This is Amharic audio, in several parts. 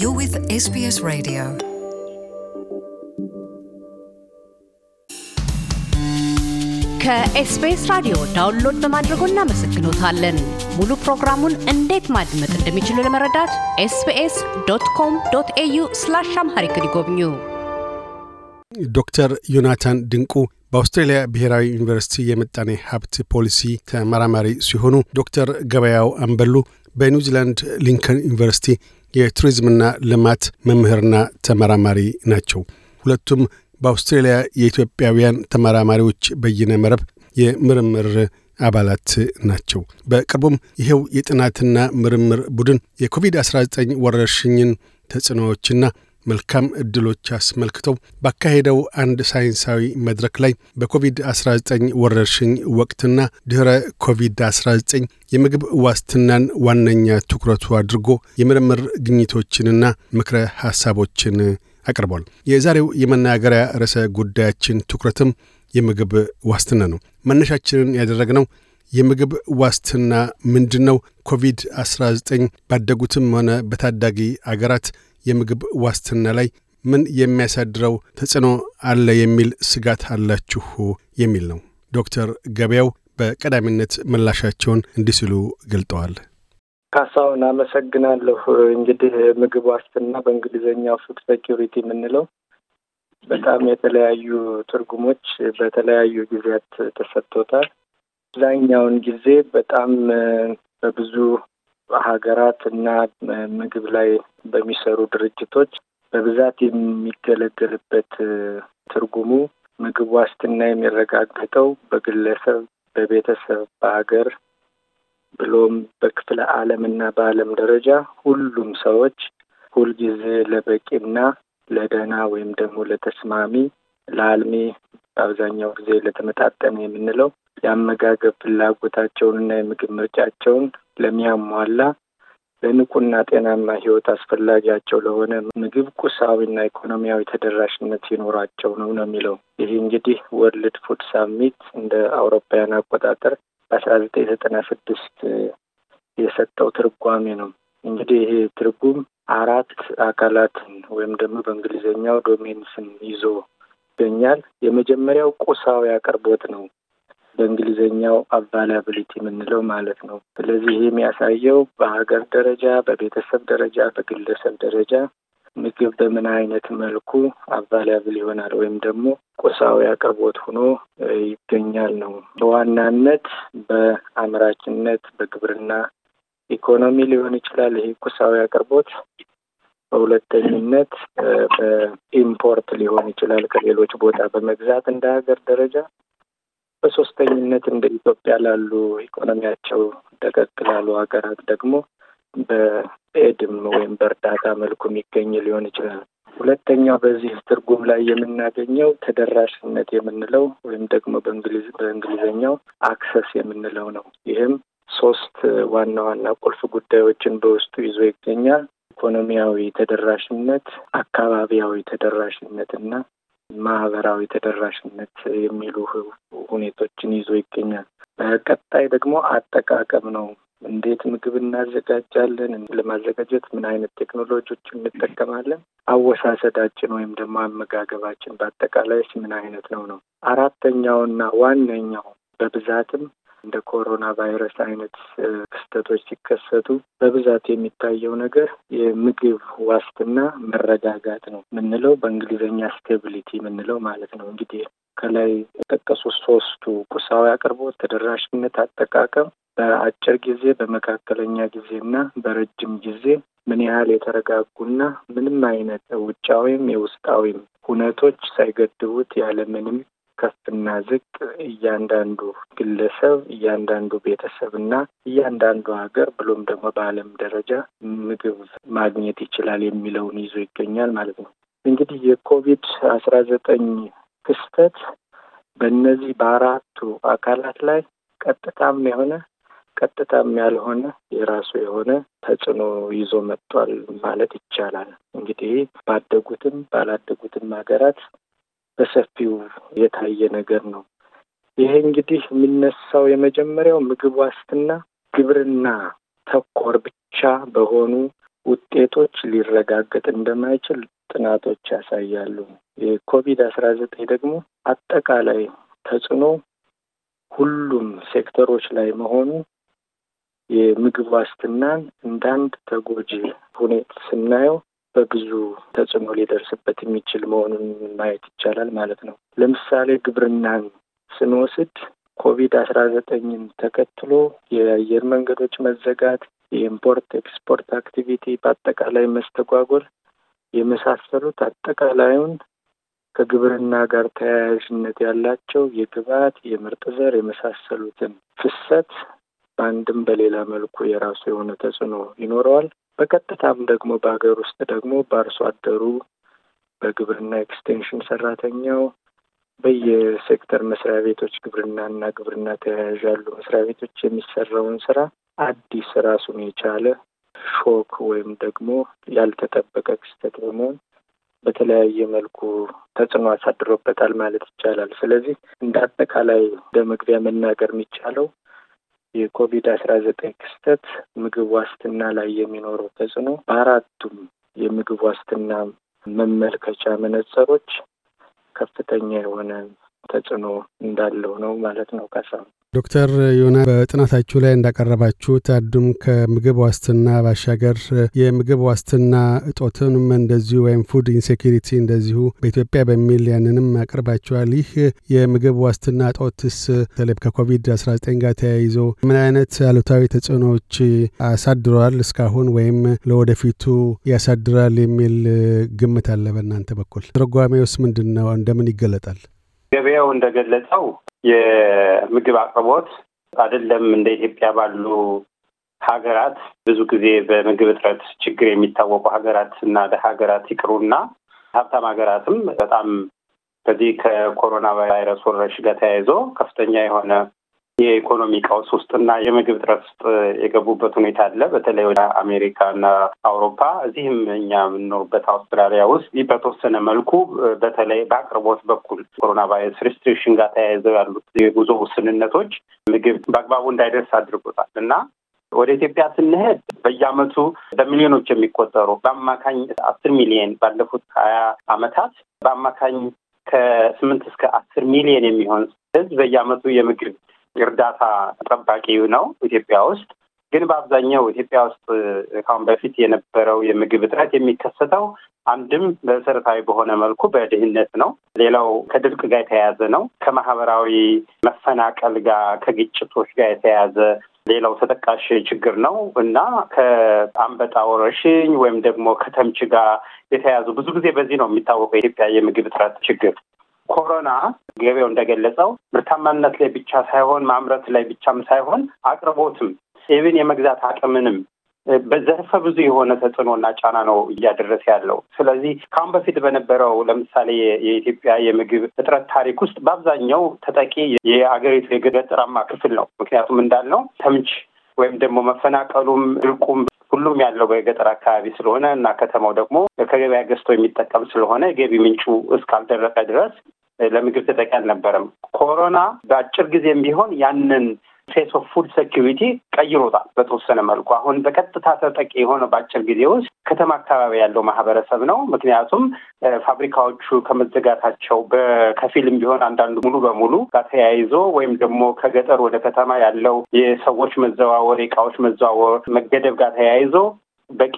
You're with SBS Radio. ከኤስቢኤስ ራዲዮ ዳውንሎድ በማድረጎ እናመሰግኖታለን። ሙሉ ፕሮግራሙን እንዴት ማድመጥ እንደሚችሉ ለመረዳት ኤስቢኤስ ዶት ኮም ዶት ኤዩ ስላሽ አምሃሪክ ይጎብኙ። ዶክተር ዮናታን ድንቁ በአውስትሬልያ ብሔራዊ ዩኒቨርሲቲ የምጣኔ ሀብት ፖሊሲ ተመራማሪ ሲሆኑ ዶክተር ገበያው አንበሉ በኒውዚላንድ ሊንከን ዩኒቨርሲቲ የቱሪዝምና ልማት መምህርና ተመራማሪ ናቸው። ሁለቱም በአውስትሬልያ የኢትዮጵያውያን ተመራማሪዎች በይነ መረብ የምርምር አባላት ናቸው። በቅርቡም ይኸው የጥናትና ምርምር ቡድን የኮቪድ-19 ወረርሽኝን ተጽዕኖዎችና መልካም እድሎች አስመልክተው ባካሄደው አንድ ሳይንሳዊ መድረክ ላይ በኮቪድ-19 ወረርሽኝ ወቅትና ድኅረ ኮቪድ-19 የምግብ ዋስትናን ዋነኛ ትኩረቱ አድርጎ የምርምር ግኝቶችንና ምክረ ሐሳቦችን አቅርቧል። የዛሬው የመናገሪያ ርዕሰ ጉዳያችን ትኩረትም የምግብ ዋስትና ነው። መነሻችንን ያደረግነው የምግብ ዋስትና ምንድን ነው? ኮቪድ-19 ባደጉትም ሆነ በታዳጊ አገራት የምግብ ዋስትና ላይ ምን የሚያሳድረው ተጽዕኖ አለ የሚል ስጋት አላችሁ የሚል ነው። ዶክተር ገበያው በቀዳሚነት ምላሻቸውን እንዲህ ሲሉ ገልጠዋል። ካሳሁን አመሰግናለሁ። እንግዲህ ምግብ ዋስትና በእንግሊዝኛው ፉድ ሴኪሪቲ የምንለው በጣም የተለያዩ ትርጉሞች በተለያዩ ጊዜያት ተሰጥቶታል። አብዛኛውን ጊዜ በጣም በብዙ ሀገራት እና ምግብ ላይ በሚሰሩ ድርጅቶች በብዛት የሚገለገልበት ትርጉሙ ምግብ ዋስትና የሚረጋገጠው በግለሰብ፣ በቤተሰብ፣ በሀገር ብሎም በክፍለ ዓለም እና በዓለም ደረጃ ሁሉም ሰዎች ሁልጊዜ ለበቂና ለደህና ወይም ደግሞ ለተስማሚ ለአልሚ በአብዛኛው ጊዜ ለተመጣጠነ የምንለው የአመጋገብ ፍላጎታቸውንና የምግብ ምርጫቸውን ለሚያሟላ ለንቁና ጤናማ ህይወት አስፈላጊያቸው ለሆነ ምግብ ቁሳዊና ኢኮኖሚያዊ ተደራሽነት ሲኖራቸው ነው ነው የሚለው ይህ እንግዲህ ወርልድ ፉድ ሳሚት እንደ አውሮፓውያን አቆጣጠር በአስራ ዘጠኝ ዘጠና ስድስት የሰጠው ትርጓሜ ነው። እንግዲህ ይሄ ትርጉም አራት አካላትን ወይም ደግሞ በእንግሊዝኛው ዶሜንስን ይዞ ይገኛል። የመጀመሪያው ቁሳዊ አቅርቦት ነው። በእንግሊዝኛው አቫላብሊቲ የምንለው ማለት ነው። ስለዚህ ይህ የሚያሳየው በሀገር ደረጃ፣ በቤተሰብ ደረጃ፣ በግለሰብ ደረጃ ምግብ በምን አይነት መልኩ አቫላብል ይሆናል ወይም ደግሞ ቁሳዊ አቅርቦት ሆኖ ይገኛል ነው። በዋናነት በአምራችነት በግብርና ኢኮኖሚ ሊሆን ይችላል። ይህ ቁሳዊ አቅርቦት በሁለተኝነት በኢምፖርት ሊሆን ይችላል። ከሌሎች ቦታ በመግዛት እንደ ሀገር ደረጃ በሶስተኝነት እንደ ኢትዮጵያ ላሉ ኢኮኖሚያቸው ደቀቅ ላሉ ሀገራት ደግሞ በኤድም ወይም በእርዳታ መልኩ የሚገኝ ሊሆን ይችላል። ሁለተኛው በዚህ ትርጉም ላይ የምናገኘው ተደራሽነት የምንለው ወይም ደግሞ በእንግሊዝኛው አክሰስ የምንለው ነው። ይህም ሶስት ዋና ዋና ቁልፍ ጉዳዮችን በውስጡ ይዞ ይገኛል። ኢኮኖሚያዊ ተደራሽነት፣ አካባቢያዊ ተደራሽነት እና ማህበራዊ ተደራሽነት የሚሉ ሁኔቶችን ይዞ ይገኛል። በቀጣይ ደግሞ አጠቃቀም ነው። እንዴት ምግብ እናዘጋጃለን? ለማዘጋጀት ምን አይነት ቴክኖሎጂዎች እንጠቀማለን? አወሳሰዳችን ወይም ደግሞ አመጋገባችን በአጠቃላይ ምን አይነት ነው ነው። አራተኛውና ዋነኛው በብዛትም እንደ ኮሮና ቫይረስ አይነት ክስተቶች ሲከሰቱ በብዛት የሚታየው ነገር የምግብ ዋስትና መረጋጋት ነው የምንለው በእንግሊዝኛ ስቴቢሊቲ የምንለው ማለት ነው። እንግዲህ ከላይ የጠቀሱ ሶስቱ ቁሳዊ አቅርቦት፣ ተደራሽነት፣ አጠቃቀም በአጭር ጊዜ በመካከለኛ ጊዜና በረጅም ጊዜ ምን ያህል የተረጋጉና ምንም አይነት ውጫዊም የውስጣዊም ሁነቶች ሳይገድቡት ያለምንም ከፍና ዝቅ እያንዳንዱ ግለሰብ፣ እያንዳንዱ ቤተሰብ እና እያንዳንዱ ሀገር ብሎም ደግሞ በዓለም ደረጃ ምግብ ማግኘት ይችላል የሚለውን ይዞ ይገኛል ማለት ነው። እንግዲህ የኮቪድ አስራ ዘጠኝ ክስተት በእነዚህ በአራቱ አካላት ላይ ቀጥታም የሆነ ቀጥታም ያልሆነ የራሱ የሆነ ተጽዕኖ ይዞ መጥቷል ማለት ይቻላል። እንግዲህ ባደጉትም ባላደጉትም ሀገራት በሰፊው የታየ ነገር ነው። ይሄ እንግዲህ የሚነሳው የመጀመሪያው ምግብ ዋስትና ግብርና ተኮር ብቻ በሆኑ ውጤቶች ሊረጋገጥ እንደማይችል ጥናቶች ያሳያሉ። የኮቪድ አስራ ዘጠኝ ደግሞ አጠቃላይ ተጽዕኖ ሁሉም ሴክተሮች ላይ መሆኑ የምግብ ዋስትናን እንዳንድ ተጎጂ ሁኔታ ስናየው በብዙ ተጽዕኖ ሊደርስበት የሚችል መሆኑን ማየት ይቻላል ማለት ነው። ለምሳሌ ግብርናን ስንወስድ ኮቪድ አስራ ዘጠኝን ተከትሎ የአየር መንገዶች መዘጋት፣ የኢምፖርት ኤክስፖርት አክቲቪቲ በአጠቃላይ መስተጓጎል የመሳሰሉት አጠቃላዩን ከግብርና ጋር ተያያዥነት ያላቸው የግብዓት፣ የምርጥ ዘር የመሳሰሉትን ፍሰት በአንድም በሌላ መልኩ የራሱ የሆነ ተጽዕኖ ይኖረዋል። በቀጥታም ደግሞ በሀገር ውስጥ ደግሞ በአርሶ አደሩ፣ በግብርና ኤክስቴንሽን ሰራተኛው፣ በየሴክተር መስሪያ ቤቶች ግብርናና ግብርና ተያያዥ ያሉ መስሪያ ቤቶች የሚሰራውን ስራ አዲስ ራሱን የቻለ ሾክ ወይም ደግሞ ያልተጠበቀ ክስተት በመሆን በተለያየ መልኩ ተጽዕኖ አሳድሮበታል ማለት ይቻላል። ስለዚህ እንደ አጠቃላይ እንደ መግቢያ መናገር የሚቻለው የኮቪድ አስራ ዘጠኝ ክስተት ምግብ ዋስትና ላይ የሚኖረው ተጽዕኖ በአራቱም የምግብ ዋስትና መመልከቻ መነጽሮች ከፍተኛ የሆነ ተጽዕኖ እንዳለው ነው ማለት ነው። ካሳሁን ዶክተር ዮና በጥናታችሁ ላይ እንዳቀረባችሁት አዱም ከምግብ ዋስትና ባሻገር የምግብ ዋስትና እጦትንም እንደዚሁ ወይም ፉድ ኢንሴኪሪቲ እንደዚሁ በኢትዮጵያ በሚል ያንንም አቅርባችኋል። ይህ የምግብ ዋስትና እጦትስ በተለይ ከኮቪድ-19 ጋር ተያይዞ ምን አይነት አሉታዊ ተጽዕኖዎች አሳድረዋል እስካሁን ወይም ለወደፊቱ ያሳድራል የሚል ግምት አለ በእናንተ በኩል? ተረጓሚውስ ምንድን ነው? እንደምን ይገለጣል? ገበያው እንደገለጸው የምግብ አቅርቦት አይደለም እንደ ኢትዮጵያ ባሉ ሀገራት ብዙ ጊዜ በምግብ እጥረት ችግር የሚታወቁ ሀገራት እና ደሀ ሀገራት ይቅሩና ሀብታም ሀገራትም በጣም በዚህ ከኮሮና ቫይረስ ወረርሽኝ ጋር ተያይዞ ከፍተኛ የሆነ የኢኮኖሚ ቀውስ ውስጥና የምግብ እጥረት ውስጥ የገቡበት ሁኔታ አለ። በተለይ ወደ አሜሪካና አውሮፓ፣ እዚህም እኛ የምንኖርበት አውስትራሊያ ውስጥ በተወሰነ መልኩ በተለይ በአቅርቦት በኩል ኮሮና ቫይረስ ሪስትሪክሽን ጋር ተያይዘው ያሉት የጉዞ ውስንነቶች ምግብ በአግባቡ እንዳይደርስ አድርጎታል እና ወደ ኢትዮጵያ ስንሄድ በየዓመቱ በሚሊዮኖች የሚቆጠሩ በአማካኝ አስር ሚሊየን ባለፉት ሀያ ዓመታት በአማካኝ ከስምንት እስከ አስር ሚሊየን የሚሆን ህዝብ በየአመቱ የምግብ የእርዳታ ጠባቂ ነው ኢትዮጵያ ውስጥ። ግን በአብዛኛው ኢትዮጵያ ውስጥ ካሁን በፊት የነበረው የምግብ እጥረት የሚከሰተው አንድም መሰረታዊ በሆነ መልኩ በድህነት ነው። ሌላው ከድርቅ ጋር የተያያዘ ነው። ከማህበራዊ መፈናቀል ጋር፣ ከግጭቶች ጋር የተያያዘ ሌላው ተጠቃሽ ችግር ነው እና ከአንበጣ ወረርሽኝ ወይም ደግሞ ከተምች ጋር የተያያዙ ብዙ ጊዜ በዚህ ነው የሚታወቀው የኢትዮጵያ የምግብ እጥረት ችግር። ኮሮና ገበያው እንደገለጸው ምርታማነት ላይ ብቻ ሳይሆን ማምረት ላይ ብቻም ሳይሆን አቅርቦትም ኢቭን የመግዛት አቅምንም በዘርፈ ብዙ የሆነ እና ጫና ነው እያደረሰ ያለው። ስለዚህ ከአሁን በፊት በነበረው ለምሳሌ የኢትዮጵያ የምግብ እጥረት ታሪክ ውስጥ በአብዛኛው ተጠቂ የአገሪቱ የገጠራማ ክፍል ነው። ምክንያቱም እንዳልነው ተምች ወይም ደግሞ መፈናቀሉም ድርቁም ሁሉም ያለው በገጠር አካባቢ ስለሆነ እና ከተማው ደግሞ ከገበያ ገዝቶ የሚጠቀም ስለሆነ የገቢ ምንጩ እስካልደረቀ ድረስ ለምግብ ተጠቂ አልነበረም። ኮሮና በአጭር ጊዜም ቢሆን ያንን ፌስ ኦፍ ፉድ ሴኪሪቲ ቀይሮታል በተወሰነ መልኩ። አሁን በቀጥታ ተጠቂ የሆነ በአጭር ጊዜ ውስጥ ከተማ አካባቢ ያለው ማህበረሰብ ነው። ምክንያቱም ፋብሪካዎቹ ከመዘጋታቸው በከፊልም ቢሆን አንዳንዱ ሙሉ በሙሉ ጋር ተያይዞ ወይም ደግሞ ከገጠር ወደ ከተማ ያለው የሰዎች መዘዋወር፣ የእቃዎች መዘዋወር መገደብ ጋር ተያይዞ በቂ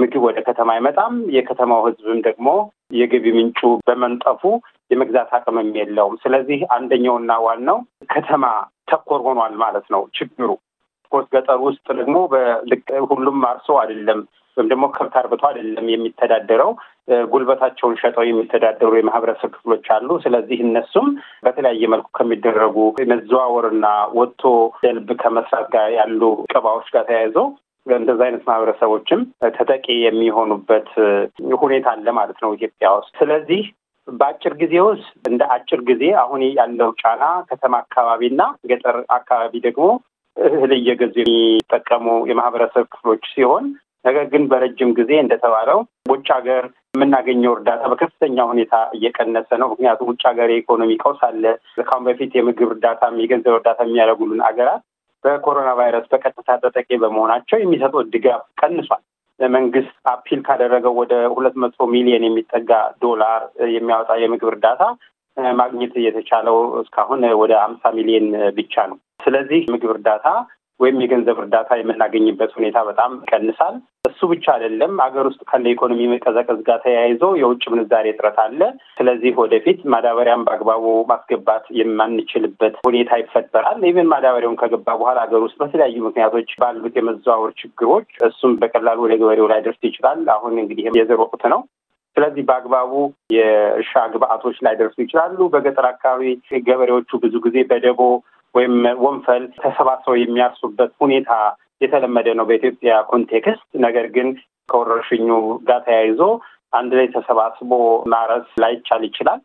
ምግብ ወደ ከተማ አይመጣም። የከተማው ህዝብም ደግሞ የገቢ ምንጩ በመንጠፉ የመግዛት አቅምም የለውም። ስለዚህ አንደኛውና ዋናው ከተማ ተኮር ሆኗል ማለት ነው ችግሩ። ኮርስ ገጠር ውስጥ ደግሞ ሁሉም አርሶ አይደለም ወይም ደግሞ ከብት አርብቶ አይደለም የሚተዳደረው ጉልበታቸውን ሸጠው የሚተዳደሩ የማህበረሰብ ክፍሎች አሉ። ስለዚህ እነሱም በተለያየ መልኩ ከሚደረጉ መዘዋወርና ወጥቶ ደልብ ከመስራት ጋር ያሉ ቅባዎች ጋር ተያይዘው እንደዚህ አይነት ማህበረሰቦችም ተጠቂ የሚሆኑበት ሁኔታ አለ ማለት ነው ኢትዮጵያ ውስጥ። ስለዚህ በአጭር ጊዜ ውስጥ እንደ አጭር ጊዜ አሁን ያለው ጫና ከተማ አካባቢና ገጠር አካባቢ ደግሞ እህል እየገዙ የሚጠቀሙ የማህበረሰብ ክፍሎች ሲሆን ነገር ግን በረጅም ጊዜ እንደተባለው ውጭ ሀገር የምናገኘው እርዳታ በከፍተኛ ሁኔታ እየቀነሰ ነው። ምክንያቱም ውጭ ሀገር የኢኮኖሚ ቀውስ አለ። ካሁን በፊት የምግብ እርዳታ፣ የገንዘብ እርዳታ የሚያደርጉልን አገራት በኮሮና ቫይረስ በቀጥታ ተጠቂ በመሆናቸው የሚሰጡት ድጋፍ ቀንሷል። መንግስት አፒል ካደረገው ወደ ሁለት መቶ ሚሊዮን የሚጠጋ ዶላር የሚያወጣ የምግብ እርዳታ ማግኘት የተቻለው እስካሁን ወደ አምሳ ሚሊዮን ብቻ ነው። ስለዚህ ምግብ እርዳታ ወይም የገንዘብ እርዳታ የምናገኝበት ሁኔታ በጣም ይቀንሳል። እሱ ብቻ አይደለም፣ ሀገር ውስጥ ካለ ኢኮኖሚ መቀዛቀዝ ጋር ተያይዞ የውጭ ምንዛሬ እጥረት አለ። ስለዚህ ወደፊት ማዳበሪያን በአግባቡ ማስገባት የማንችልበት ሁኔታ ይፈጠራል። ኢቨን ማዳበሪያውን ከገባ በኋላ ሀገር ውስጥ በተለያዩ ምክንያቶች ባሉት የመዘዋወር ችግሮች እሱም በቀላሉ ወደ ገበሬው ላይ ደርስ ይችላል። አሁን እንግዲህ የዘር ወቅት ነው። ስለዚህ በአግባቡ የእርሻ ግብአቶች ላይ ደርሱ ይችላሉ። በገጠር አካባቢ ገበሬዎቹ ብዙ ጊዜ በደቦ ወይም ወንፈል ተሰባስበው የሚያርሱበት ሁኔታ የተለመደ ነው በኢትዮጵያ ኮንቴክስት። ነገር ግን ከወረርሽኙ ጋር ተያይዞ አንድ ላይ ተሰባስቦ ማረስ ላይቻል ይችላል።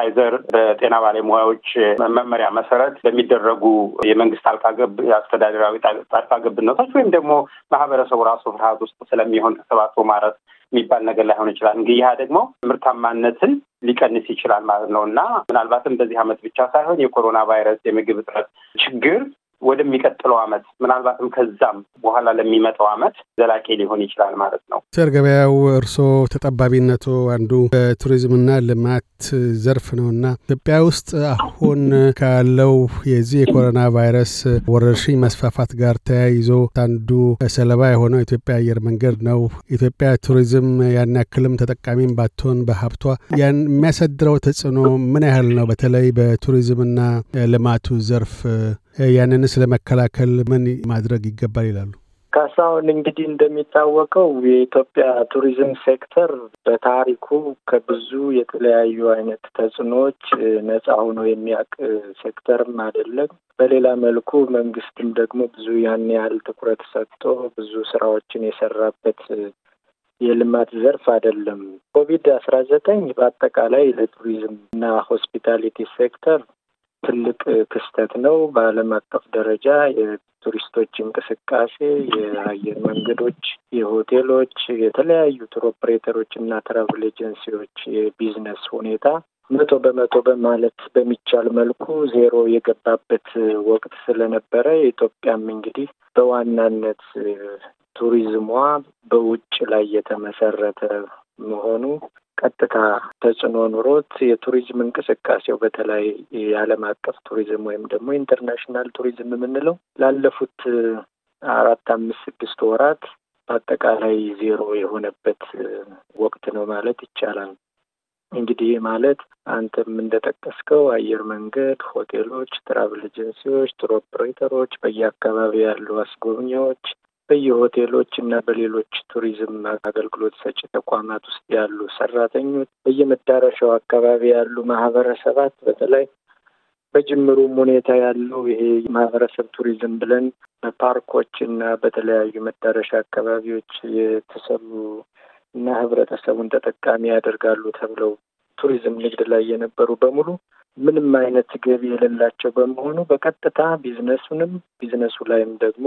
አይዘር በጤና ባለሙያዎች መመሪያ መሰረት በሚደረጉ የመንግስት ጣልቃ ገብ አስተዳደራዊ ጣልፋ ገብነቶች ወይም ደግሞ ማህበረሰቡ ራሱ ፍርሃት ውስጥ ስለሚሆን ተሰባስቦ ማረስ የሚባል ነገር ላይሆን ይችላል። እንግዲህ ይህ ደግሞ ምርታማነትን ሊቀንስ ይችላል ማለት ነው እና ምናልባትም በዚህ ዓመት ብቻ ሳይሆን የኮሮና ቫይረስ የምግብ እጥረት ችግር ወደሚቀጥለው አመት ምናልባትም ከዛም በኋላ ለሚመጣው አመት ዘላቂ ሊሆን ይችላል ማለት ነው። ሰር ገበያው እርስዎ ተጠባቢነቱ አንዱ በቱሪዝምና ልማት ዘርፍ እና ኢትዮጵያ ውስጥ አሁን ካለው የዚህ የኮሮና ቫይረስ ወረርሽኝ መስፋፋት ጋር ተያይዞ አንዱ ሰለባ የሆነው ኢትዮጵያ አየር መንገድ ነው። ኢትዮጵያ ቱሪዝም ያን ያክልም ተጠቃሚም ባትሆን በሀብቷ ያን የሚያሳድረው ተጽዕኖ ምን ያህል ነው? በተለይ በቱሪዝምና ልማቱ ዘርፍ ያንንስ ለመከላከል ምን ማድረግ ይገባል ይላሉ? ካሳሁን እንግዲህ እንደሚታወቀው የኢትዮጵያ ቱሪዝም ሴክተር በታሪኩ ከብዙ የተለያዩ አይነት ተጽዕኖዎች ነጻ ሆኖ የሚያውቅ ሴክተርም አይደለም። በሌላ መልኩ መንግስትም ደግሞ ብዙ ያን ያህል ትኩረት ሰጥቶ ብዙ ስራዎችን የሰራበት የልማት ዘርፍ አይደለም። ኮቪድ አስራ ዘጠኝ በአጠቃላይ ለቱሪዝም እና ሆስፒታሊቲ ሴክተር ትልቅ ክስተት ነው። በዓለም አቀፍ ደረጃ የቱሪስቶች እንቅስቃሴ፣ የአየር መንገዶች፣ የሆቴሎች፣ የተለያዩ ቱር ኦፕሬተሮች እና ትራቭል ኤጀንሲዎች የቢዝነስ ሁኔታ መቶ በመቶ በማለት በሚቻል መልኩ ዜሮ የገባበት ወቅት ስለነበረ ኢትዮጵያም እንግዲህ በዋናነት ቱሪዝሟ በውጭ ላይ የተመሰረተ መሆኑ ቀጥታ ተጽዕኖ ኑሮት የቱሪዝም እንቅስቃሴው በተለይ የዓለም አቀፍ ቱሪዝም ወይም ደግሞ ኢንተርናሽናል ቱሪዝም የምንለው ላለፉት አራት አምስት ስድስት ወራት በአጠቃላይ ዜሮ የሆነበት ወቅት ነው ማለት ይቻላል። እንግዲህ ማለት አንተም እንደጠቀስከው አየር መንገድ፣ ሆቴሎች፣ ትራቭል ኤጀንሲዎች፣ ቱር ኦፕሬተሮች፣ በየአካባቢ ያሉ አስጎብኚዎች በየሆቴሎች እና በሌሎች ቱሪዝም አገልግሎት ሰጪ ተቋማት ውስጥ ያሉ ሰራተኞች፣ በየመዳረሻው አካባቢ ያሉ ማህበረሰባት በተለይ በጅምሩም ሁኔታ ያለው ይሄ ማህበረሰብ ቱሪዝም ብለን በፓርኮች እና በተለያዩ መዳረሻ አካባቢዎች የተሰሩ እና ህብረተሰቡን ተጠቃሚ ያደርጋሉ ተብለው ቱሪዝም ንግድ ላይ የነበሩ በሙሉ ምንም አይነት ገቢ የሌላቸው በመሆኑ በቀጥታ ቢዝነሱንም ቢዝነሱ ላይም ደግሞ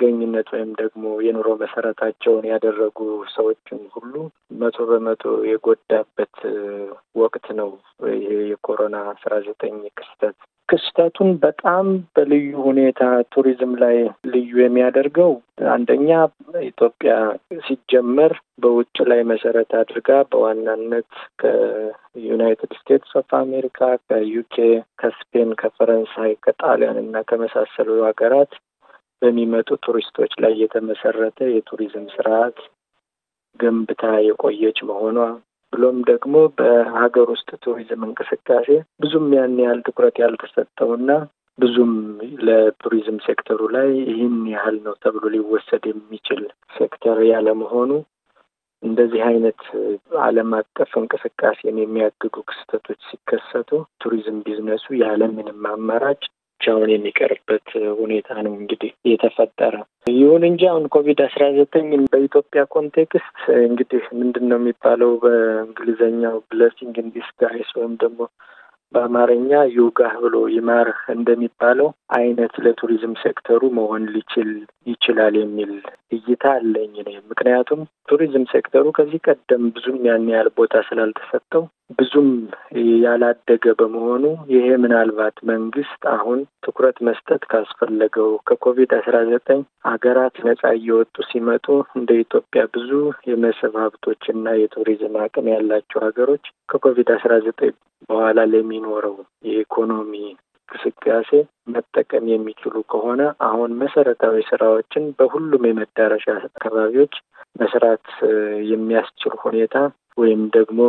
ጥገኝነት ወይም ደግሞ የኑሮ መሰረታቸውን ያደረጉ ሰዎችን ሁሉ መቶ በመቶ የጎዳበት ወቅት ነው ይሄ የኮሮና አስራ ዘጠኝ ክስተት። ክስተቱን በጣም በልዩ ሁኔታ ቱሪዝም ላይ ልዩ የሚያደርገው አንደኛ ኢትዮጵያ ሲጀመር በውጭ ላይ መሰረት አድርጋ በዋናነት ከዩናይትድ ስቴትስ ኦፍ አሜሪካ፣ ከዩኬ፣ ከስፔን፣ ከፈረንሳይ፣ ከጣሊያን እና ከመሳሰሉ ሀገራት በሚመጡ ቱሪስቶች ላይ የተመሰረተ የቱሪዝም ስርዓት ገንብታ የቆየች መሆኗ ብሎም ደግሞ በሀገር ውስጥ ቱሪዝም እንቅስቃሴ ብዙም ያን ያህል ትኩረት ያልተሰጠውና ብዙም ለቱሪዝም ሴክተሩ ላይ ይህን ያህል ነው ተብሎ ሊወሰድ የሚችል ሴክተር ያለመሆኑ እንደዚህ አይነት ዓለም አቀፍ እንቅስቃሴን የሚያግዱ ክስተቶች ሲከሰቱ ቱሪዝም ቢዝነሱ ያለምንም አማራጭ ብቻውን የሚቀርበት ሁኔታ ነው እንግዲህ የተፈጠረ። ይሁን እንጂ አሁን ኮቪድ አስራ ዘጠኝ በኢትዮጵያ ኮንቴክስት እንግዲህ ምንድን ነው የሚባለው በእንግሊዘኛው ብለሲንግ ኢን ዲስጋይስ ወይም ደግሞ በአማርኛ ይውጋህ ብሎ ይማርህ እንደሚባለው አይነት ለቱሪዝም ሴክተሩ መሆን ሊችል ይችላል የሚል እይታ አለኝ እኔ። ምክንያቱም ቱሪዝም ሴክተሩ ከዚህ ቀደም ብዙም ያን ያህል ቦታ ስላልተሰጠው ብዙም ያላደገ በመሆኑ ይሄ ምናልባት መንግስት አሁን ትኩረት መስጠት ካስፈለገው ከኮቪድ አስራ ዘጠኝ ሀገራት ነጻ እየወጡ ሲመጡ እንደ ኢትዮጵያ ብዙ የመስህብ ሀብቶች እና የቱሪዝም አቅም ያላቸው ሀገሮች ከኮቪድ አስራ ዘጠኝ በኋላ ለሚኖረው የኢኮኖሚ እንቅስቃሴ መጠቀም የሚችሉ ከሆነ አሁን መሰረታዊ ስራዎችን በሁሉም የመዳረሻ አካባቢዎች መስራት የሚያስችል ሁኔታ ወይም ደግሞ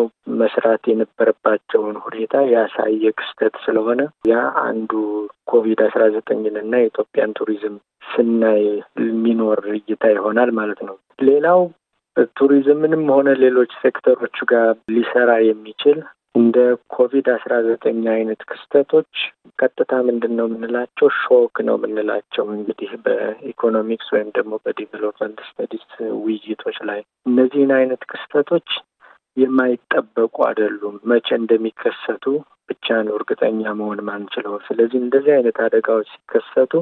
መስራት የነበረባቸውን ሁኔታ ያሳየ ክስተት ስለሆነ ያ አንዱ ኮቪድ አስራ ዘጠኝን እና የኢትዮጵያን ቱሪዝም ስናይ የሚኖር እይታ ይሆናል ማለት ነው። ሌላው ቱሪዝምንም ሆነ ሌሎች ሴክተሮች ጋር ሊሰራ የሚችል እንደ ኮቪድ አስራ ዘጠኝ አይነት ክስተቶች ቀጥታ ምንድን ነው የምንላቸው ሾክ ነው የምንላቸው እንግዲህ በኢኮኖሚክስ ወይም ደግሞ በዲቨሎፕመንት ስተዲስ ውይይቶች ላይ እነዚህን አይነት ክስተቶች የማይጠበቁ አይደሉም። መቼ እንደሚከሰቱ ብቻ ነው እርግጠኛ መሆን ማንችለው። ስለዚህ እንደዚህ አይነት አደጋዎች ሲከሰቱ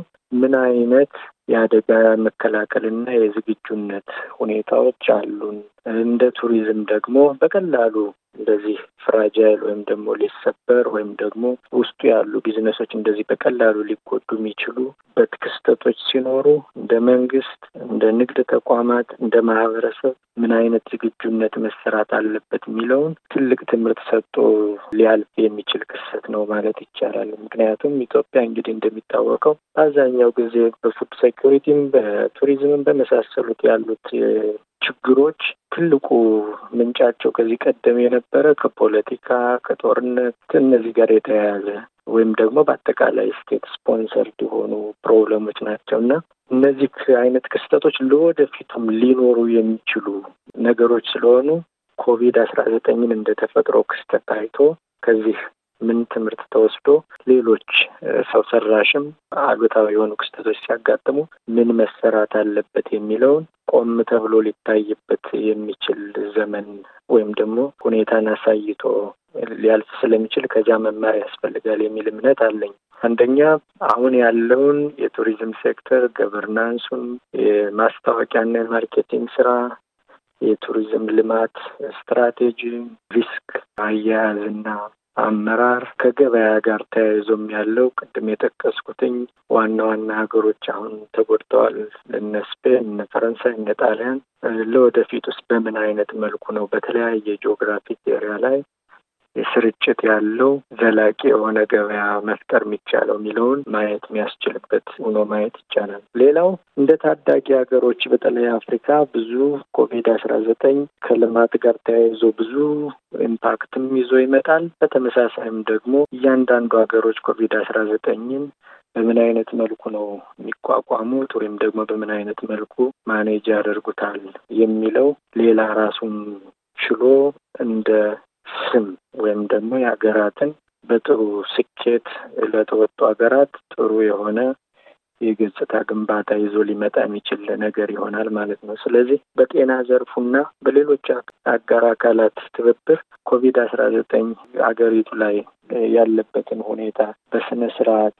ምን አይነት የአደጋ መከላከልና የዝግጁነት ሁኔታዎች አሉን? እንደ ቱሪዝም ደግሞ በቀላሉ እንደዚህ ፍራጃይል ወይም ደግሞ ሊሰበር ወይም ደግሞ ውስጡ ያሉ ቢዝነሶች እንደዚህ በቀላሉ ሊጎዱ የሚችሉበት ክስተቶች ሲኖሩ እንደ መንግስት፣ እንደ ንግድ ተቋማት፣ እንደ ማህበረሰብ ምን አይነት ዝግጁነት መሰራት አለበት የሚለውን ትልቅ ትምህርት ሰጥቶ ሊያልፍ የሚችል ክስተት ነው ማለት ይቻላል። ምክንያቱም ኢትዮጵያ እንግዲህ እንደሚታወቀው በአብዛኛው ጊዜ በፉድ ሴኩሪቲም በቱሪዝምም በመሳሰሉት ያሉት ችግሮች ትልቁ ምንጫቸው ከዚህ ቀደም የነበረ ከፖለቲካ ከጦርነት እነዚህ ጋር የተያያዘ ወይም ደግሞ በአጠቃላይ ስቴት ስፖንሰር የሆኑ ፕሮብለሞች ናቸው እና እነዚህ አይነት ክስተቶች ለወደፊቱም ሊኖሩ የሚችሉ ነገሮች ስለሆኑ ኮቪድ አስራ ዘጠኝን እንደ ተፈጥሮ ክስተት አይቶ ከዚህ ምን ትምህርት ተወስዶ ሌሎች ሰው ሰራሽም አሉታዊ የሆኑ ክስተቶች ሲያጋጥሙ ምን መሰራት አለበት የሚለውን ቆም ተብሎ ሊታይበት የሚችል ዘመን ወይም ደግሞ ሁኔታን አሳይቶ ሊያልፍ ስለሚችል ከዚያ መማር ያስፈልጋል የሚል እምነት አለኝ። አንደኛ አሁን ያለውን የቱሪዝም ሴክተር ገቨርናንሱን፣ የማስታወቂያና የማርኬቲንግ ስራ፣ የቱሪዝም ልማት ስትራቴጂ፣ ሪስክ አያያዝና አመራር ከገበያ ጋር ተያይዞም ያለው ቅድም የጠቀስኩትኝ ዋና ዋና ሀገሮች አሁን ተጎድተዋል። እነ ስፔን፣ እነ ፈረንሳይ፣ እነ ጣሊያን ለወደፊት ውስጥ በምን አይነት መልኩ ነው በተለያየ ጂኦግራፊክ ኤሪያ ላይ ስርጭት ያለው ዘላቂ የሆነ ገበያ መፍጠር የሚቻለው የሚለውን ማየት የሚያስችልበት ሆኖ ማየት ይቻላል። ሌላው እንደ ታዳጊ ሀገሮች በተለይ አፍሪካ ብዙ ኮቪድ አስራ ዘጠኝ ከልማት ጋር ተያይዞ ብዙ ኢምፓክትም ይዞ ይመጣል። በተመሳሳይም ደግሞ እያንዳንዱ ሀገሮች ኮቪድ አስራ ዘጠኝን በምን አይነት መልኩ ነው የሚቋቋሙት ወይም ደግሞ በምን አይነት መልኩ ማኔጅ ያደርጉታል የሚለው ሌላ ራሱን ችሎ እንደ ስም ወይም ደግሞ የሀገራትን በጥሩ ስኬት ለተወጡ ሀገራት ጥሩ የሆነ የገጽታ ግንባታ ይዞ ሊመጣ የሚችል ነገር ይሆናል ማለት ነው። ስለዚህ በጤና ዘርፉና በሌሎች አጋር አካላት ትብብር ኮቪድ አስራ ዘጠኝ አገሪቱ ላይ ያለበትን ሁኔታ በስነ ስርዓት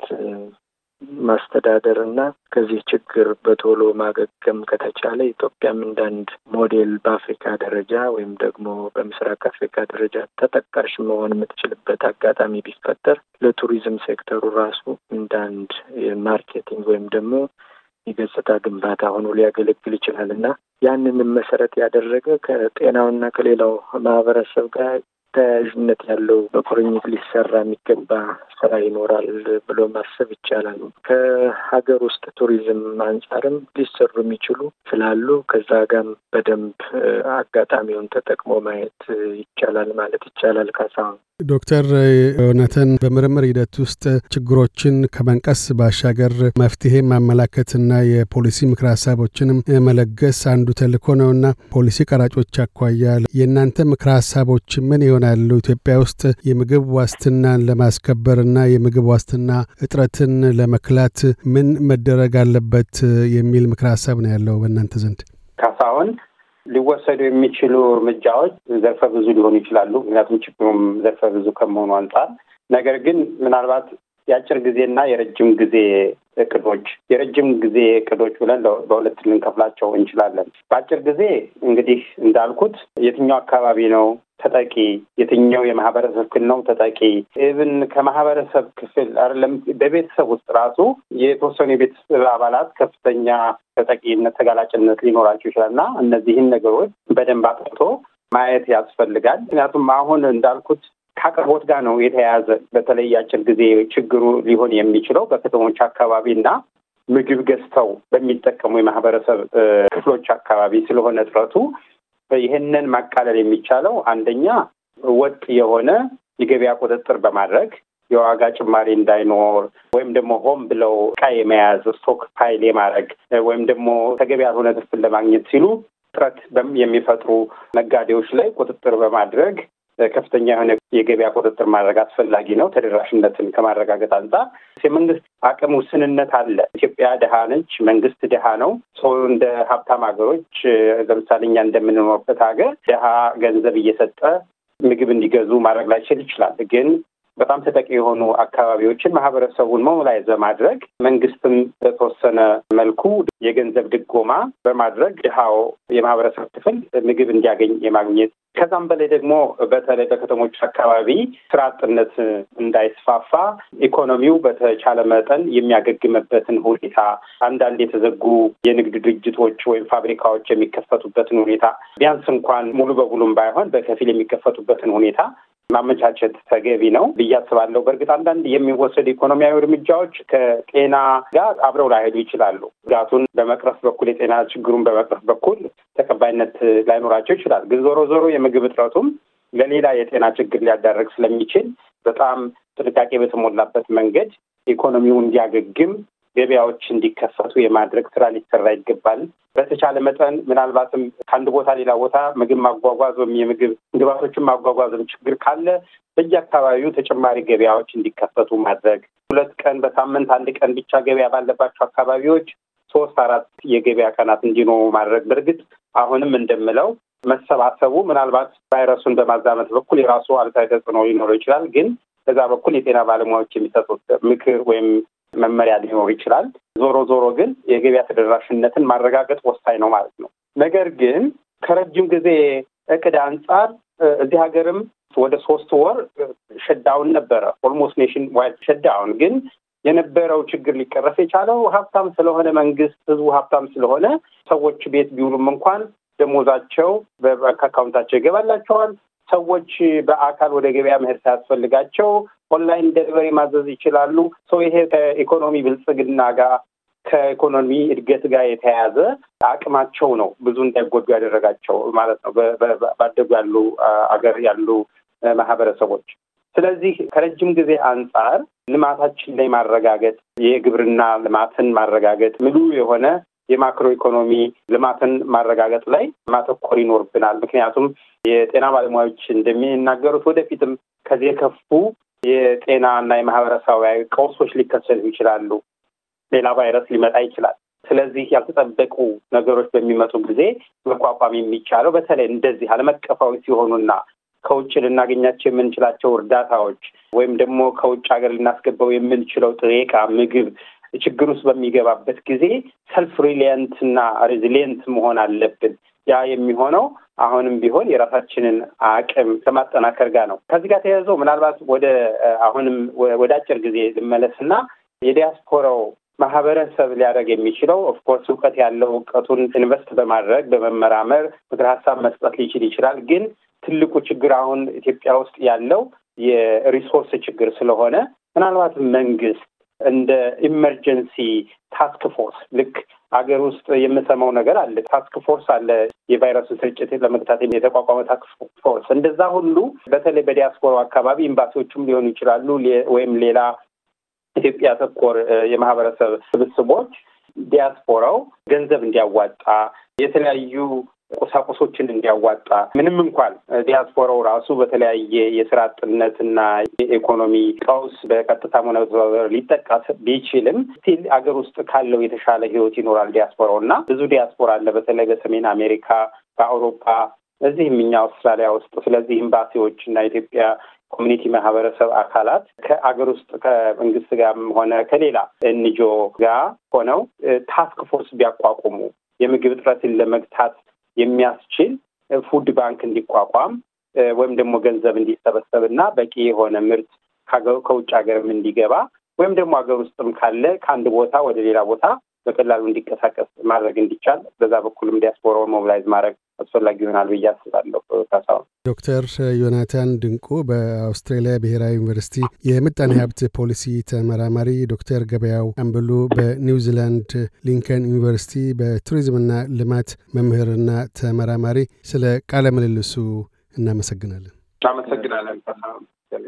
ማስተዳደር እና ከዚህ ችግር በቶሎ ማገገም ከተቻለ ኢትዮጵያም እንዳንድ ሞዴል በአፍሪካ ደረጃ ወይም ደግሞ በምስራቅ አፍሪካ ደረጃ ተጠቃሽ መሆን የምትችልበት አጋጣሚ ቢፈጠር ለቱሪዝም ሴክተሩ ራሱ እንዳንድ ማርኬቲንግ ወይም ደግሞ የገጽታ ግንባታ ሆኖ ሊያገለግል ይችላል እና ያንንም መሰረት ያደረገ ከጤናውና ከሌላው ማህበረሰብ ጋር ተያያዥነት ያለው በቁርኝት ሊሰራ የሚገባ ስራ ይኖራል ብሎ ማሰብ ይቻላል። ከሀገር ውስጥ ቱሪዝም አንጻርም ሊሰሩ የሚችሉ ስላሉ ከዛ ጋም በደንብ አጋጣሚውን ተጠቅሞ ማየት ይቻላል ማለት ይቻላል። ካሳሁን ዶክተር እውነትን በምርምር ሂደት ውስጥ ችግሮችን ከመንቀስ ባሻገር መፍትሄ ማመላከትና የፖሊሲ ምክር ሀሳቦችንም መለገስ አንዱ ተልኮ ነውና ፖሊሲ ቀራጮች አኳያ የእናንተ ምክር ሀሳቦች ምን ይሆናሉ? ኢትዮጵያ ውስጥ የምግብ ዋስትናን ለማስከበርና የምግብ ዋስትና እጥረትን ለመክላት ምን መደረግ አለበት የሚል ምክር ሀሳብ ነው ያለው በእናንተ ዘንድ ካሳሁን ሊወሰዱ የሚችሉ እርምጃዎች ዘርፈ ብዙ ሊሆኑ ይችላሉ። ምክንያቱም ችግሩም ዘርፈ ብዙ ከመሆኑ አንጻር ነገር ግን ምናልባት የአጭር ጊዜና የረጅም ጊዜ እቅዶች የረጅም ጊዜ እቅዶች ብለን በሁለት ልንከፍላቸው እንችላለን። በአጭር ጊዜ እንግዲህ እንዳልኩት የትኛው አካባቢ ነው ተጠቂ የትኛው የማህበረሰብ ክፍል ነው ተጠቂ? ኢብን ከማህበረሰብ ክፍል አይደለም በቤተሰብ ውስጥ ራሱ የተወሰኑ የቤተሰብ አባላት ከፍተኛ ተጠቂነት፣ ተጋላጭነት ሊኖራቸው ይችላል እና እነዚህን ነገሮች በደንብ አጥርቶ ማየት ያስፈልጋል። ምክንያቱም አሁን እንዳልኩት ከአቅርቦት ጋር ነው የተያያዘ በተለያችን ጊዜ ችግሩ ሊሆን የሚችለው በከተሞች አካባቢ እና ምግብ ገዝተው በሚጠቀሙ የማህበረሰብ ክፍሎች አካባቢ ስለሆነ እጥረቱ ይህንን ማቃለል የሚቻለው አንደኛ ወጥ የሆነ የገበያ ቁጥጥር በማድረግ የዋጋ ጭማሪ እንዳይኖር ወይም ደግሞ ሆም ብለው እቃ የመያዝ ስቶክ ፓይል የማድረግ ወይም ደግሞ ተገቢ ያልሆነ ትርፍን ለማግኘት ሲሉ ጥረት የሚፈጥሩ ነጋዴዎች ላይ ቁጥጥር በማድረግ ከፍተኛ የሆነ የገበያ ቁጥጥር ማድረግ አስፈላጊ ነው። ተደራሽነትን ከማረጋገጥ አንጻር የመንግስት አቅም ውስንነት አለ። ኢትዮጵያ ድሃ ነች፣ መንግስት ድሃ ነው። ሰው እንደ ሀብታም ሀገሮች ለምሳሌ እኛ እንደምንኖርበት ሀገር ድሃ ገንዘብ እየሰጠ ምግብ እንዲገዙ ማድረግ ላይችል ይችላል። ግን በጣም ተጠቂ የሆኑ አካባቢዎችን ማህበረሰቡን ሞቢላይዝ በማድረግ መንግስትም በተወሰነ መልኩ የገንዘብ ድጎማ በማድረግ ድሃው የማህበረሰብ ክፍል ምግብ እንዲያገኝ የማግኘት ከዛም በላይ ደግሞ በተለይ በከተሞች አካባቢ ስራ አጥነት እንዳይስፋፋ ኢኮኖሚው በተቻለ መጠን የሚያገግምበትን ሁኔታ አንዳንድ የተዘጉ የንግድ ድርጅቶች ወይም ፋብሪካዎች የሚከፈቱበትን ሁኔታ ቢያንስ እንኳን ሙሉ በሙሉም ባይሆን በከፊል የሚከፈቱበትን ሁኔታ ማመቻቸት ተገቢ ነው ብዬ አስባለሁ። በእርግጥ አንዳንድ የሚወሰድ ኢኮኖሚያዊ እርምጃዎች ከጤና ጋር አብረው ላይሄዱ ይችላሉ። ጋቱን በመቅረፍ በኩል የጤና ችግሩን በመቅረፍ በኩል ተቀባይነት ላይኖራቸው ይችላል። ግን ዞሮ ዞሮ የምግብ እጥረቱም ለሌላ የጤና ችግር ሊያዳረግ ስለሚችል በጣም ጥንቃቄ በተሞላበት መንገድ ኢኮኖሚው እንዲያገግም ገበያዎች እንዲከፈቱ የማድረግ ስራ ሊሰራ ይገባል። በተቻለ መጠን ምናልባትም ከአንድ ቦታ ሌላ ቦታ ምግብ ማጓጓዝ ወይም የምግብ ግባቶችን ማጓጓዝም ችግር ካለ በየአካባቢው ተጨማሪ ገበያዎች እንዲከፈቱ ማድረግ፣ ሁለት ቀን በሳምንት አንድ ቀን ብቻ ገበያ ባለባቸው አካባቢዎች ሶስት አራት የገበያ ቀናት እንዲኖሩ ማድረግ። በእርግጥ አሁንም እንደምለው መሰባሰቡ ምናልባት ቫይረሱን በማዛመት በኩል የራሱ አሉታዊ ተጽዕኖ ሊኖረው ይችላል ግን በዛ በኩል የጤና ባለሙያዎች የሚሰጡት ምክር ወይም መመሪያ ሊኖር ይችላል። ዞሮ ዞሮ ግን የገበያ ተደራሽነትን ማረጋገጥ ወሳኝ ነው ማለት ነው። ነገር ግን ከረጅም ጊዜ እቅድ አንጻር እዚህ ሀገርም ወደ ሶስት ወር ሸዳውን ነበረ ኦልሞስት ኔሽን ዋይድ ሸዳውን። ግን የነበረው ችግር ሊቀረፍ የቻለው ሀብታም ስለሆነ መንግስት፣ ህዝቡ ሀብታም ስለሆነ ሰዎች ቤት ቢውሉም እንኳን ደሞዛቸው ከአካውንታቸው አካውንታቸው ይገባላቸዋል። ሰዎች በአካል ወደ ገበያ መሄድ ሳያስፈልጋቸው ኦንላይን ደሊቨሪ ማዘዝ ይችላሉ። ሰው ይሄ ከኢኮኖሚ ብልጽግና ጋር ከኢኮኖሚ እድገት ጋር የተያያዘ አቅማቸው ነው ብዙ እንዳይጎዱ ያደረጋቸው ማለት ነው ባደጉ ያሉ አገር ያሉ ማህበረሰቦች። ስለዚህ ከረጅም ጊዜ አንጻር ልማታችን ላይ ማረጋገጥ የግብርና ልማትን ማረጋገጥ ምሉ የሆነ የማክሮ ኢኮኖሚ ልማትን ማረጋገጥ ላይ ማተኮር ይኖርብናል። ምክንያቱም የጤና ባለሙያዎች እንደሚናገሩት ወደፊትም ከዚህ የከፉ የጤና እና የማህበረሰባዊ ቀውሶች ሊከሰቱ ይችላሉ። ሌላ ቫይረስ ሊመጣ ይችላል። ስለዚህ ያልተጠበቁ ነገሮች በሚመጡ ጊዜ መቋቋም የሚቻለው በተለይ እንደዚህ ዓለም አቀፋዊ ሲሆኑና ከውጭ ልናገኛቸው የምንችላቸው እርዳታዎች ወይም ደግሞ ከውጭ ሀገር ልናስገባው የምንችለው ጥሬ ዕቃ፣ ምግብ ችግር ውስጥ በሚገባበት ጊዜ ሰልፍ ሪሊየንት እና ሬዚሊየንት መሆን አለብን። ያ የሚሆነው አሁንም ቢሆን የራሳችንን አቅም ከማጠናከር ጋር ነው። ከዚህ ጋር ተያይዞ ምናልባት ወደ አሁንም ወደ አጭር ጊዜ ልመለስና የዲያስፖራው ማህበረሰብ ሊያደርግ የሚችለው ኦፍኮርስ እውቀት ያለው እውቀቱን ኢንቨስት በማድረግ በመመራመር ምክር ሀሳብ መስጠት ሊችል ይችላል። ግን ትልቁ ችግር አሁን ኢትዮጵያ ውስጥ ያለው የሪሶርስ ችግር ስለሆነ ምናልባት መንግስት እንደ ኢመርጀንሲ ታስክ ፎርስ ልክ አገር ውስጥ የምሰማው ነገር አለ። ታስክ ፎርስ አለ፣ የቫይረሱ ስርጭት ለመግታት የተቋቋመ ታስክ ፎርስ። እንደዛ ሁሉ በተለይ በዲያስፖራው አካባቢ ኤምባሲዎቹም ሊሆኑ ይችላሉ ወይም ሌላ ኢትዮጵያ ተኮር የማህበረሰብ ስብስቦች ዲያስፖራው ገንዘብ እንዲያዋጣ የተለያዩ ቁሳቁሶችን እንዲያዋጣ ምንም እንኳን ዲያስፖራው ራሱ በተለያየ የስራ አጥነት የኢኮኖሚ ቀውስ በቀጥታ ሆነ በተዘዋዋሪ ሊጠቃስ ቢችልም ስቲል አገር ውስጥ ካለው የተሻለ ህይወት ይኖራል ዲያስፖራው እና ብዙ ዲያስፖራ አለ በተለይ በሰሜን አሜሪካ፣ በአውሮፓ እዚህም እኛ አውስትራሊያ ውስጥ ስለዚህ ኤምባሲዎች እና ኢትዮጵያ ኮሚኒቲ ማህበረሰብ አካላት ከአገር ውስጥ ከመንግስት ጋርም ሆነ ከሌላ እንጆ ጋር ሆነው ታስክ ፎርስ ቢያቋቁሙ የምግብ እጥረትን ለመግታት የሚያስችል ፉድ ባንክ እንዲቋቋም ወይም ደግሞ ገንዘብ እንዲሰበሰብ እና በቂ የሆነ ምርት ከውጭ ሀገርም እንዲገባ ወይም ደግሞ ሀገር ውስጥም ካለ ከአንድ ቦታ ወደ ሌላ ቦታ በቀላሉ እንዲንቀሳቀስ ማድረግ እንዲቻል በዛ በኩልም ዲያስፖራውን ሞቢላይዝ ማድረግ አስፈላጊ ይሆናል ብዬ አስባለሁ። ካሳሁን ዶክተር ዮናታን ድንቁ በአውስትራሊያ ብሔራዊ ዩኒቨርሲቲ የምጣኔ ሀብት ፖሊሲ ተመራማሪ፣ ዶክተር ገበያው አምበሉ በኒውዚላንድ ሊንከን ዩኒቨርሲቲ በቱሪዝምና ልማት መምህርና ተመራማሪ፣ ስለ ቃለ ምልልሱ እናመሰግናለን። እናመሰግናለን እናመሰግናለን